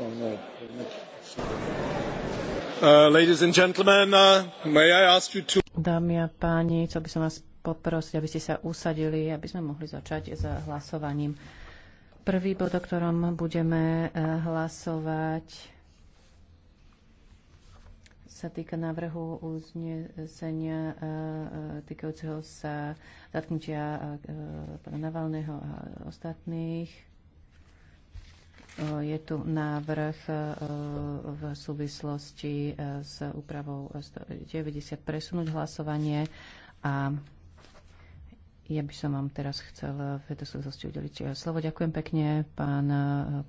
Uh, uh, Dámy a páni, chcel by som vás poprosiť, aby ste sa usadili, aby sme mohli začať s hlasovaním. Prvý bod, o ktorom budeme eh, hlasovať, sa týka návrhu uznesenia eh, eh, týkajúceho sa zatknutia pána Navalného a ostatných. Je tu návrh e, v súvislosti e, s úpravou 190 presunúť hlasovanie a ja by som vám teraz chcel v tejto súvislosti udeliť e, slovo. Ďakujem pekne, pán